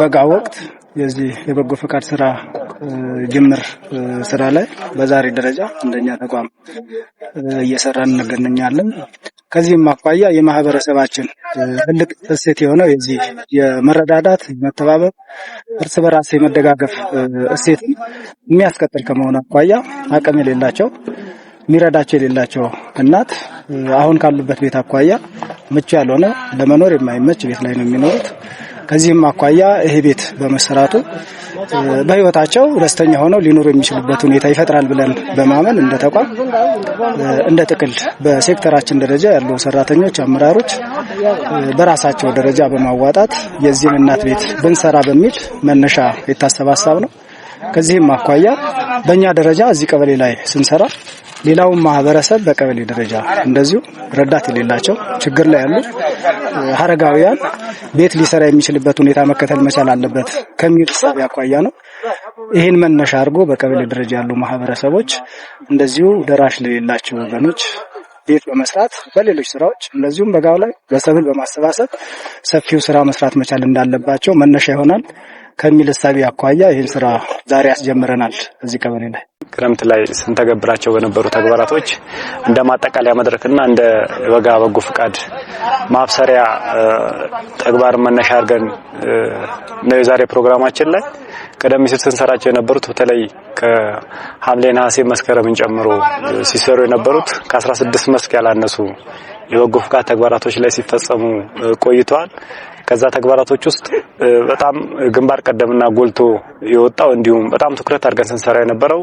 በጋ ወቅት የዚህ የበጎ ፈቃድ ስራ ጅምር ስራ ላይ በዛሬ ደረጃ እንደኛ ተቋም እየሰራን እንገኛለን። ከዚህም አኳያ የማህበረሰባችን ትልቅ እሴት የሆነው የዚህ የመረዳዳት መተባበር፣ እርስ በራስ የመደጋገፍ እሴት የሚያስቀጥል ከመሆኑ አኳያ አቅም የሌላቸው የሚረዳቸው የሌላቸው እናት አሁን ካሉበት ቤት አኳያ ምቹ ያልሆነ ለመኖር የማይመች ቤት ላይ ነው የሚኖሩት። ከዚህም አኳያ ይሄ ቤት በመሰራቱ በህይወታቸው ደስተኛ ሆነው ሊኖሩ የሚችሉበት ሁኔታ ይፈጥራል ብለን በማመን እንደ ተቋም እንደ ጥቅል በሴክተራችን ደረጃ ያሉ ሰራተኞች፣ አመራሮች በራሳቸው ደረጃ በማዋጣት የዚህን እናት ቤት ብንሰራ በሚል መነሻ የታሰባሳብ ነው። ከዚህም አኳያ በእኛ ደረጃ እዚህ ቀበሌ ላይ ስንሰራ ሌላውን ማህበረሰብ በቀበሌ ደረጃ እንደዚሁ ረዳት የሌላቸው ችግር ላይ ያሉ ሀረጋውያን ቤት ሊሰራ የሚችልበት ሁኔታ መከተል መቻል አለበት ከሚል እሳቤ አኳያ ነው። ይህን መነሻ አድርጎ በቀበሌ ደረጃ ያሉ ማህበረሰቦች እንደዚሁ ደራሽ ለሌላቸው ወገኖች ቤት በመስራት በሌሎች ስራዎች እንደዚሁም በጋው ላይ በሰብል በማሰባሰብ ሰፊው ስራ መስራት መቻል እንዳለባቸው መነሻ ይሆናል ከሚል እሳቤ አኳያ ይህን ስራ ዛሬ ያስጀምረናል እዚህ ቀበሌ ላይ ክረምት ላይ ስንተገብራቸው በነበሩ ተግባራቶች እንደ ማጠቃለያ መድረክና እንደ በጋ በጎ ፍቃድ ማብሰሪያ ተግባር መነሻ አድርገን ነው የዛሬ ፕሮግራማችን ላይ ቀደም ሲል ስንሰራቸው የነበሩት በተለይ ከሐምሌ ነሐሴ፣ መስከረምን ጨምሮ ሲሰሩ የነበሩት ከ16 መስክ ያላነሱ የበጎ ፍቃድ ተግባራቶች ላይ ሲፈጸሙ ቆይተዋል። ከዛ ተግባራቶች ውስጥ በጣም ግንባር ቀደምና ጎልቶ የወጣው እንዲሁም በጣም ትኩረት አድርገን ስንሰራ የነበረው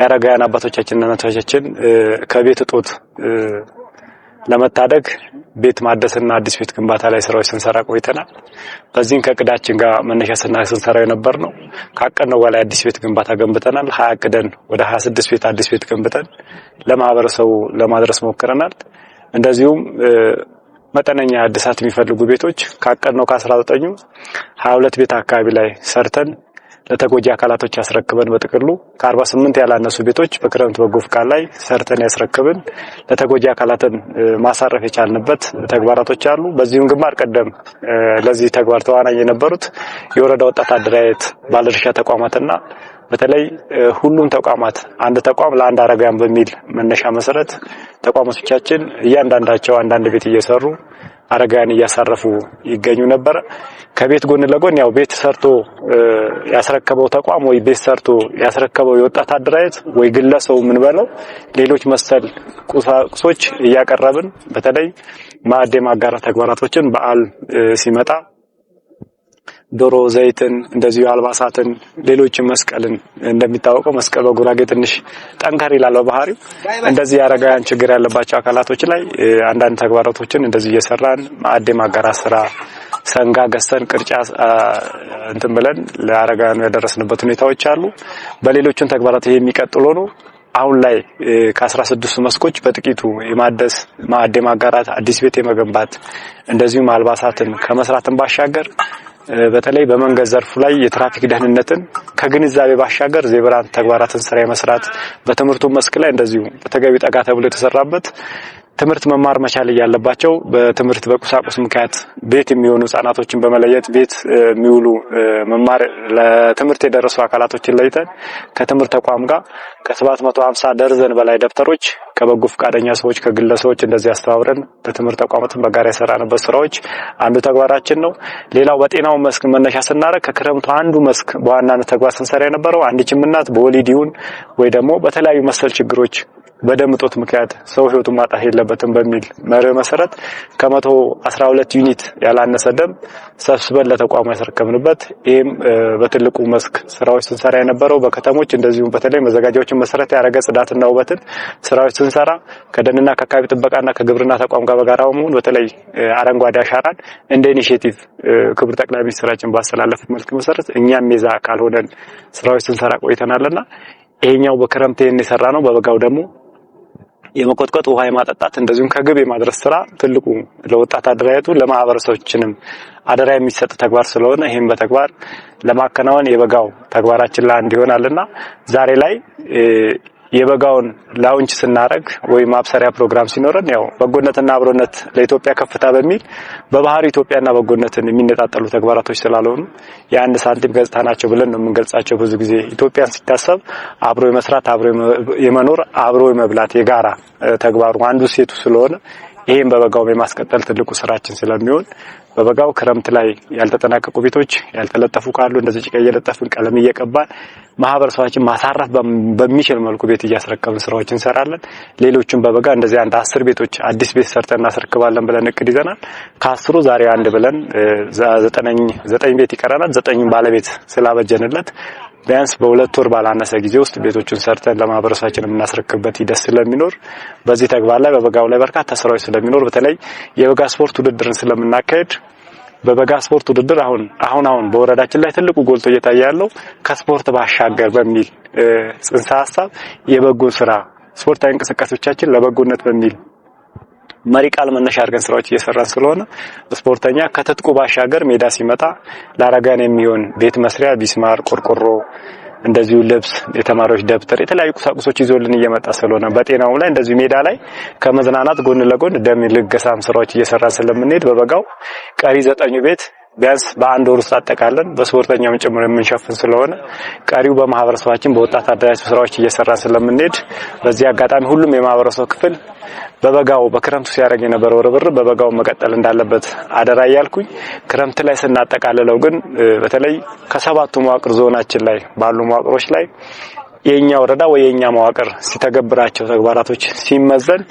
የአረጋውያን አባቶቻችንና እናቶቻችን ከቤት እጦት ለመታደግ ቤት ማደስና አዲስ ቤት ግንባታ ላይ ስራዎች ስንሰራ ቆይተናል። በዚህም ከቅዳችን ጋር መነሻ ስንሰራ የነበር ነው። ካቀድነው በላይ አዲስ ቤት ግንባታ ገንብተናል። ሀያ ቅደን ወደ ሀያ ስድስት ቤት አዲስ ቤት ገንብተን ለማህበረሰቡ ለማድረስ ሞክረናል። እንደዚሁም መጠነኛ እድሳት የሚፈልጉ ቤቶች ካቀድነው ከ19ኙ 22 ቤት አካባቢ ላይ ሰርተን ለተጎጂ አካላቶች ያስረክበን በጥቅሉ ከ ስምንት ያላነሱ ቤቶች በክረምት በጎ ፍቃድ ላይ ሰርተን ያስረክብን ለተጎጂ አካላትን ማሳረፍ የቻልንበት ተግባራቶች አሉ። በዚሁም ግንባር ቀደም ለዚህ ተግባር ተዋናኝ የነበሩት የወረዳ ወጣት አደራየት ባለድርሻ ተቋማትና በተለይ ሁሉም ተቋማት አንድ ተቋም ለአንድ አረጋውያን በሚል መነሻ መሰረት ተቋማቶቻችን እያንዳንዳቸው አንዳንድ ቤት እየሰሩ አረጋውያን እያሳረፉ ይገኙ ነበር። ከቤት ጎን ለጎን ያው ቤት ሰርቶ ያስረከበው ተቋም ወይ ቤት ሰርቶ ያስረከበው የወጣት አደራጀት ወይ ግለሰቡ ምን በለው ሌሎች መሰል ቁሳቁሶች እያቀረብን በተለይ ማዕድ የማጋራት ተግባራቶችን በዓል ሲመጣ ዶሮ ዘይትን፣ እንደዚሁ አልባሳትን፣ ሌሎችን መስቀልን እንደሚታወቀው መስቀል በጉራጌ ትንሽ ጠንከር ይላል በባህሪው። እንደዚህ የአረጋውያን ችግር ያለባቸው አካላቶች ላይ አንዳንድ ተግባራቶችን እንደዚህ እየሰራን ማዕድ ማጋራት ስራ ሰንጋ ገሰን ቅርጫ እንትን ብለን ለአረጋውያኑ ያደረስንበት ሁኔታዎች አሉ። በሌሎችን ተግባራት ይሄ የሚቀጥሎ ነው። አሁን ላይ ከአስራ ስድስቱ መስኮች በጥቂቱ የማደስ ማዕድ ማጋራት፣ አዲስ ቤት የመገንባት እንደዚሁም አልባሳትን ከመስራትን ባሻገር በተለይ በመንገድ ዘርፉ ላይ የትራፊክ ደህንነትን ከግንዛቤ ባሻገር ዜብራን ተግባራትን ስራ የመስራት በትምህርቱ መስክ ላይ እንደዚሁ በተገቢ ጠጋ ተብሎ የተሰራበት ትምህርት መማር መቻል እያለባቸው በትምህርት በቁሳቁስ ምክንያት ቤት የሚሆኑ ህጻናቶችን በመለየት ቤት የሚውሉ መማር ለትምህርት የደረሱ አካላቶችን ለይተን ከትምህርት ተቋም ጋር ከ750 ደርዘን በላይ ደብተሮች ከበጎ ፈቃደኛ ሰዎች፣ ከግለሰቦች እንደዚህ አስተባብረን በትምህርት ተቋማትን በጋራ የሰራንበት ስራዎች አንዱ ተግባራችን ነው። ሌላው በጤናው መስክ መነሻ ስናደርግ ከክረምቱ አንዱ መስክ በዋናነት ተግባር ስንሰራ የነበረው አንድ እናት በወሊድ ይሁን ወይ ደግሞ በተለያዩ መሰል ችግሮች በደም እጦት ምክንያት ሰው ህይወቱን ማጣት የለበትም በሚል መርህ መሰረት ከመቶ 12 ዩኒት ያላነሰ ደም ሰብስበን ለተቋሙ ያስረከብንበት ይህም በትልቁ መስክ ስራዎች ስንሰራ የነበረው በከተሞች እንደዚሁም በተለይ መዘጋጃዎችን መሰረት ያደረገ ጽዳትና ውበትን ስራዎች ስንሰራ ከደንና ከአካባቢ ጥበቃና ከግብርና ተቋም ጋር በጋራ በመሆን በተለይ አረንጓዴ አሻራን እንደ ኢኒሽቲቭ ክቡር ጠቅላይ ሚኒስትራችን ባስተላለፉት መልክ መሰረት እኛም የዛ አካል ሆነን ስራዎች ስንሰራ ቆይተናልና ይሄኛው በክረምት የሰራ ነው። በበጋው ደግሞ የመቆጥቆጥ ውሃ የማጠጣት እንደዚሁም ከግብ የማድረስ ስራ ትልቁ ለወጣት አደራየቱ ለማህበረሰቦችንም አደራ የሚሰጥ ተግባር ስለሆነ ይህም በተግባር ለማከናወን የበጋው ተግባራችን ላይ ይሆናልና ዛሬ ላይ የበጋውን ላውንች ስናደረግ ወይም ማብሰሪያ ፕሮግራም ሲኖረን ያው በጎነትና አብሮነት ለኢትዮጵያ ከፍታ በሚል በባህሪ ኢትዮጵያና በጎነትን የሚነጣጠሉ ተግባራቶች ስላልሆኑ የአንድ ሳንቲም ገጽታ ናቸው ብለን ነው የምንገልጻቸው። ብዙ ጊዜ ኢትዮጵያን ሲታሰብ አብሮ የመስራት፣ አብሮ የመኖር፣ አብሮ የመብላት የጋራ ተግባሩ አንዱ ሴቱ ስለሆነ ይህም በበጋውም የማስቀጠል ትልቁ ስራችን ስለሚሆን በበጋው ክረምት ላይ ያልተጠናቀቁ ቤቶች ያልተለጠፉ ካሉ እንደዚህ ጭቃ እየለጠፍን ቀለም እየቀባ ማህበረሰባችን ማሳረፍ በሚችል መልኩ ቤት እያስረከብን ስራዎች እንሰራለን። ሌሎችም በበጋ እንደዚህ አንድ አስር ቤቶች አዲስ ቤት ሰርተን እናስረክባለን ብለን እቅድ ይዘናል። ከአስሩ ዛሬ አንድ ብለን ዘጠኝ ቤት ይቀረናል። ዘጠኙን ባለቤት ስላበጀንለት ቢያንስ በሁለት ወር ባላነሰ ጊዜ ውስጥ ቤቶቹን ሰርተን ለማህበረሰባችን የምናስረክብበት ሂደት ስለሚኖር በዚህ ተግባር ላይ በበጋው ላይ በርካታ ስራዎች ስለሚኖር በተለይ የበጋ ስፖርት ውድድርን ስለምናካሄድ በበጋ ስፖርት ውድድር አሁን አሁን አሁን በወረዳችን ላይ ትልቁ ጎልቶ እየታየ ያለው ከስፖርት ባሻገር በሚል ጽንሰ ሀሳብ የበጎ ስራ ስፖርታዊ እንቅስቃሴዎቻችን ለበጎነት በሚል መሪ ቃል መነሻ አድርገን ስራዎች እየሰራን ስለሆነ ስፖርተኛ ከትጥቁ ባሻገር ሜዳ ሲመጣ ለአረጋን የሚሆን ቤት መስሪያ ቢስማር፣ ቆርቆሮ እንደዚሁ ልብስ፣ የተማሪዎች ደብተር፣ የተለያዩ ቁሳቁሶች ይዞልን እየመጣ ስለሆነ በጤናውም ላይ እንደዚሁ ሜዳ ላይ ከመዝናናት ጎን ለጎን ደም ልገሳም ስራዎች እየሰራ ስለምንሄድ በበጋው ቀሪ ዘጠኙ ቤት ቢያንስ በአንድ ወር ውስጥ አጠቃለን በስፖርተኛም ጭምር የምንሸፍን ስለሆነ ቀሪው በማህበረሰባችን በወጣት አደራጅ ስራዎች እየሰራ ስለምንሄድ በዚህ አጋጣሚ ሁሉም የማህበረሰብ ክፍል በበጋው በክረምቱ ሲያደርግ የነበረው ርብርብ በበጋው መቀጠል እንዳለበት አደራ እያልኩኝ ክረምት ላይ ስናጠቃልለው ግን በተለይ ከሰባቱ መዋቅር ዞናችን ላይ ባሉ መዋቅሮች ላይ የኛ ወረዳ ወይ የኛ መዋቅር ሲተገብራቸው ተግባራቶች ሲመዘን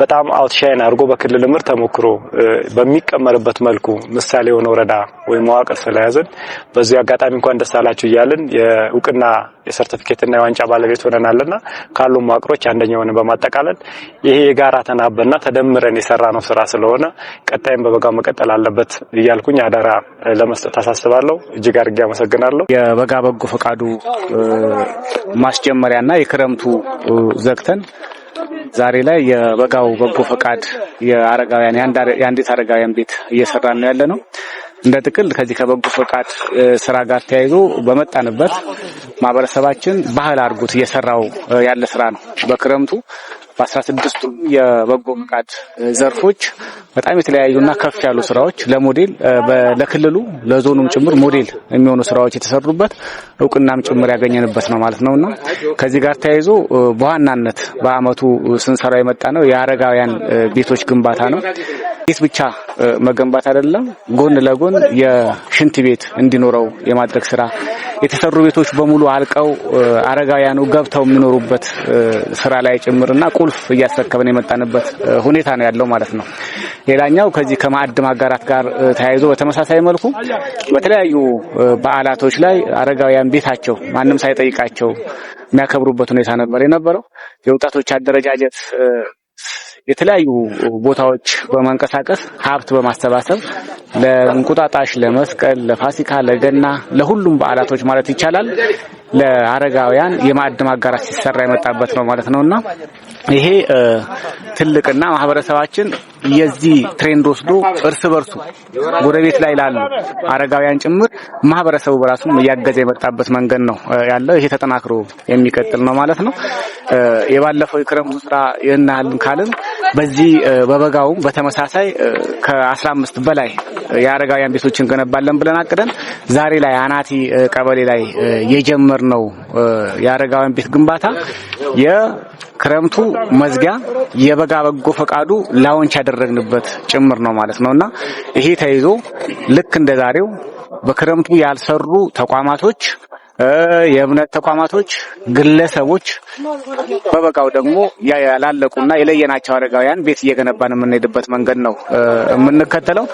በጣም አውትሻይን አድርጎ በክልል ምር ተሞክሮ በሚቀመርበት መልኩ ምሳሌ የሆነ ወረዳ ወይም መዋቅር ስለያዝን በዚህ አጋጣሚ እንኳን ደስ አላችሁ እያልን የእውቅና የሰርቲፊኬትና የዋንጫ ባለቤት ሆነናልና ካሉ መዋቅሮች ሆነ በማጠቃለል ይሄ የጋራ ተናበና ተደምረን የሰራ ነው ስራ ስለሆነ ቀጣይም በበጋው መቀጠል አለበት እያልኩኝ አደራ ለመስጠት አሳስባለሁ። እጅግ አድርጌ አመሰግናለሁ። የበጋ በጎ ፈቃዱ ማስጀመሪያና የክረምቱ ዘግተን ዛሬ ላይ የበጋው በጎ ፈቃድ የአረጋውያን የአንዲት አረጋውያን ቤት እየሰራን ነው ያለ ነው። እንደ ጥቅል ከዚህ ከበጎ ፈቃድ ስራ ጋር ተያይዞ በመጣንበት ማህበረሰባችን ባህል አድርጎት እየሰራው ያለ ስራ ነው። በክረምቱ በአስራ ስድስቱም የበጎ ፈቃድ ዘርፎች በጣም የተለያዩና ከፍ ያሉ ስራዎች ለሞዴል ለክልሉ ለዞኑም ጭምር ሞዴል የሚሆኑ ስራዎች የተሰሩበት እውቅናም ጭምር ያገኘንበት ነው ማለት እና ከዚህ ጋር ተያይዞ በዋናነት በአመቱ ስንሰራው የመጣ ነው የአረጋውያን ቤቶች ግንባታ ነው። ቤት ብቻ መገንባት አይደለም፣ ጎን ለጎን የሽንት ቤት እንዲኖረው የማድረግ ስራ የተሰሩ ቤቶች በሙሉ አልቀው አረጋውያኑ ገብተው የሚኖሩበት ስራ ላይ ጭምርና ቁልፍ እያስረከብን የመጣንበት ሁኔታ ነው ያለው ማለት ነው። ሌላኛው ከዚህ ከማዕድ ማጋራት ጋር ተያይዞ በተመሳሳይ መልኩ በተለያዩ በዓላቶች ላይ አረጋውያን ቤታቸው ማንም ሳይጠይቃቸው የሚያከብሩበት ሁኔታ ነበር የነበረው። የወጣቶች አደረጃጀት የተለያዩ ቦታዎች በመንቀሳቀስ ሀብት በማሰባሰብ ለእንቁጣጣሽ፣ ለመስቀል፣ ለፋሲካ፣ ለገና፣ ለሁሉም በዓላቶች ማለት ይቻላል ለአረጋውያን የማዕድ ማጋራት ሲሰራ የመጣበት ነው ማለት ነውና ይሄ ትልቅና ማህበረሰባችን የዚህ ትሬንድ ወስዶ እርስ በርሱ ጎረቤት ላይ ላሉ አረጋውያን ጭምር ማህበረሰቡ በራሱም እያገዘ የመጣበት መንገድ ነው ያለው። ይሄ ተጠናክሮ የሚቀጥል ነው ማለት ነው። የባለፈው የክረምቱ ስራ ይህን ያህል ካልን በዚህ በበጋውም በተመሳሳይ ከአስራ አምስት በላይ የአረጋውያን ቤቶች እንገነባለን ብለን አቅደን ዛሬ ላይ አናቲ ቀበሌ ላይ የጀመርነው የአረጋውያን ቤት ግንባታ የክረምቱ መዝጊያ የበጋ በጎ ፈቃዱ ላውንች ያደረግንበት ጭምር ነው ማለት ነው እና ይሄ ተይዞ ልክ እንደ ዛሬው በክረምቱ ያልሰሩ ተቋማቶች የእምነት ተቋማቶች፣ ግለሰቦች በበቃው ደግሞ ያላለቁና የለየናቸው አረጋውያን ቤት እየገነባን የምንሄድበት መንገድ ነው የምንከተለው።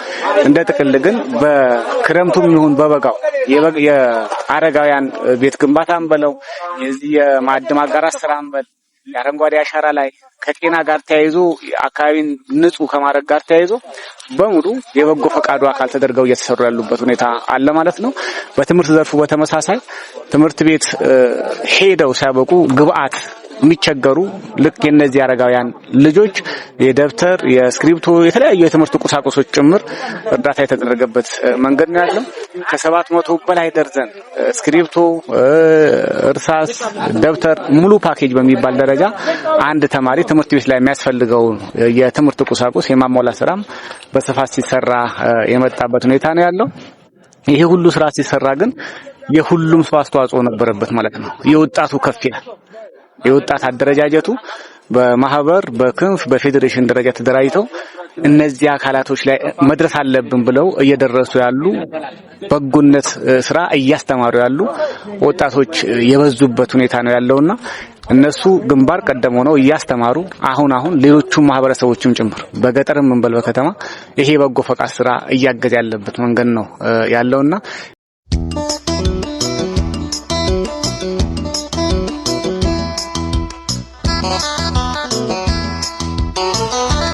እንደ ጥቅል ግን በክረምቱም ይሁን በበጋው የአረጋውያን ቤት ግንባታም በለው የዚህ የማዕድም አጋራት ስራም በል የአረንጓዴ አሻራ ላይ ከጤና ጋር ተያይዞ አካባቢን ንጹህ ከማድረግ ጋር ተያይዞ በሙሉ የበጎ ፈቃዱ አካል ተደርገው እየተሰሩ ያሉበት ሁኔታ አለ ማለት ነው። በትምህርት ዘርፉ በተመሳሳይ ትምህርት ቤት ሄደው ሲያበቁ ግብአት የሚቸገሩ ልክ የነዚህ አረጋውያን ልጆች የደብተር፣ የእስክሪብቶ የተለያዩ የትምህርት ቁሳቁሶች ጭምር እርዳታ የተደረገበት መንገድ ነው ያለው። ከሰባት መቶ በላይ ደርዘን እስክሪብቶ፣ እርሳስ፣ ደብተር ሙሉ ፓኬጅ በሚባል ደረጃ አንድ ተማሪ ትምህርት ቤት ላይ የሚያስፈልገው የትምህርት ቁሳቁስ የማሟላት ስራም በስፋት ሲሰራ የመጣበት ሁኔታ ነው ያለው። ይሄ ሁሉ ስራ ሲሰራ ግን የሁሉም ሰው አስተዋጽኦ ነበረበት ማለት ነው። የወጣቱ ከፍ ይላል። የወጣት አደረጃጀቱ በማህበር በክንፍ በፌዴሬሽን ደረጃ ተደራጅተው እነዚህ አካላቶች ላይ መድረስ አለብን ብለው እየደረሱ ያሉ በጎነት ስራ እያስተማሩ ያሉ ወጣቶች የበዙበት ሁኔታ ነው ያለውና እነሱ ግንባር ቀደም ሆነው እያስተማሩ አሁን አሁን ሌሎቹ ማህበረሰቦችም ጭምር በገጠርም እንበል በከተማ ይሄ በጎ ፈቃድ ስራ እያገዘ ያለበት መንገድ ነው ያለውና